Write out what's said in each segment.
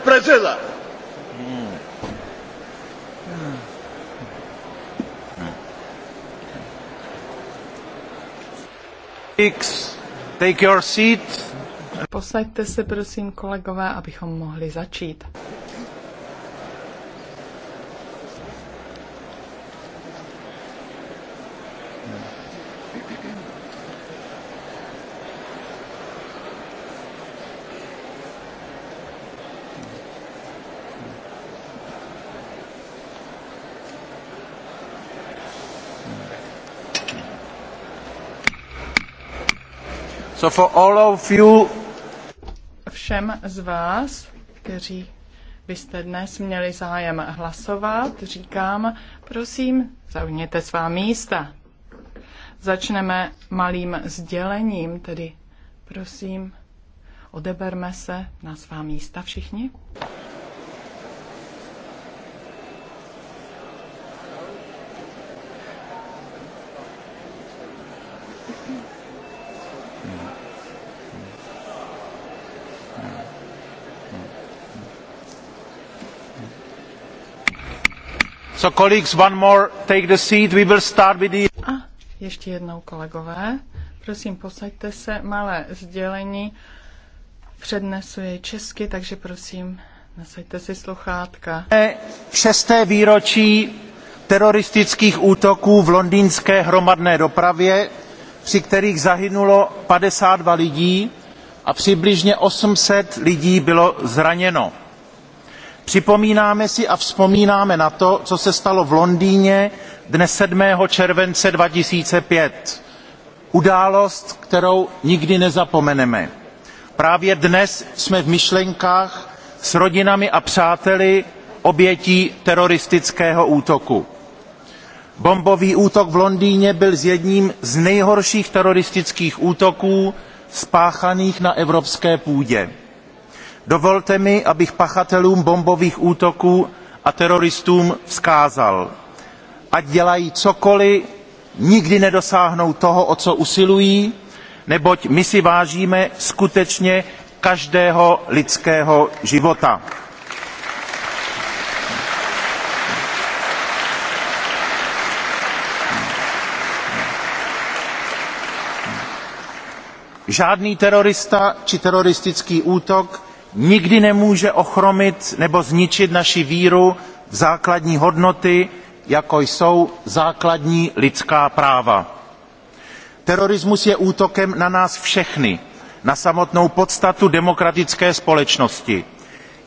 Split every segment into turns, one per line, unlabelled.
predseda.
Take your seat. Posaďte se prosím kolegové, abychom mohli začít.
So for all of you... Všem
z vás, kteří byste dnes měli zájem hlasovat, říkám, prosím, zaujměte svá místa. Začneme malým sdělením, tedy prosím, odeberme se na svá místa všichni. ještě jednou kolegové, prosím posaďte se, malé sdělení přednesu jej česky, takže prosím, nasaďte si sluchátka.
Eh, šesté výročí teroristických útoků v londýnské hromadné dopravě, při kterých zahynulo 52 lidí a přibližně 800 lidí bylo zraněno připomínáme si a vzpomínáme na to co se stalo v londýně dne. seven července two thousand and five událost kterou nikdy nezapomeneme. právě dnes jsme v myšlenkách s rodinami a přáteli obětí teroristického útoku. bombový útok v londýně byl jedním z nejhorších teroristických útoků spáchaných na evropské půdě dovolte mi abych pachatelům bombových útoků a teroristům vzkázal ať dělají cokoliv nikdy nedosáhnou toho o co usilují neboť my si vážíme skutečně každého lidského života. žádný terorista či teroristický útok nikdy nemůže ochromit nebo zničit naši víru v základní hodnoty, jako jsou základní lidská práva. Terorismus je útokem na nás všechny, na samotnou podstatu demokratické společnosti.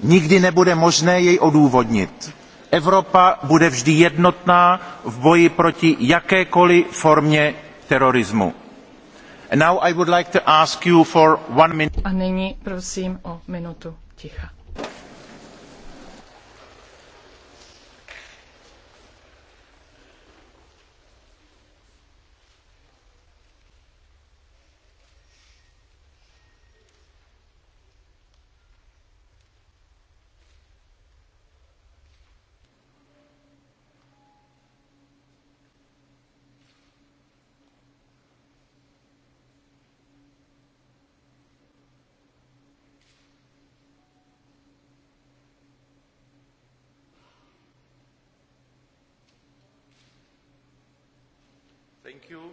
Nikdy nebude možné jej odůvodnit. Evropa bude vždy jednotná v boji proti jakékoliv formě terorismu nyní prosím o
minutu ticha.
Thank you.